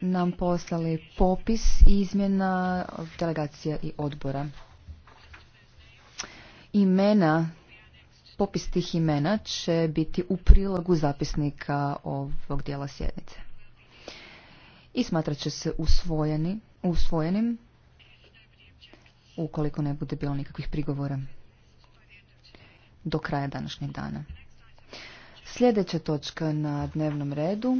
nam poslali popis izmjena delegacija i odbora. Imena, popis tih imena će biti u prilogu zapisnika ovog dijela sjednice. I smatrat će se usvojeni, usvojenim ukoliko ne bude bilo nikakvih prigovora do kraja današnjeg dana. Sljedeća točka na dnevnom redu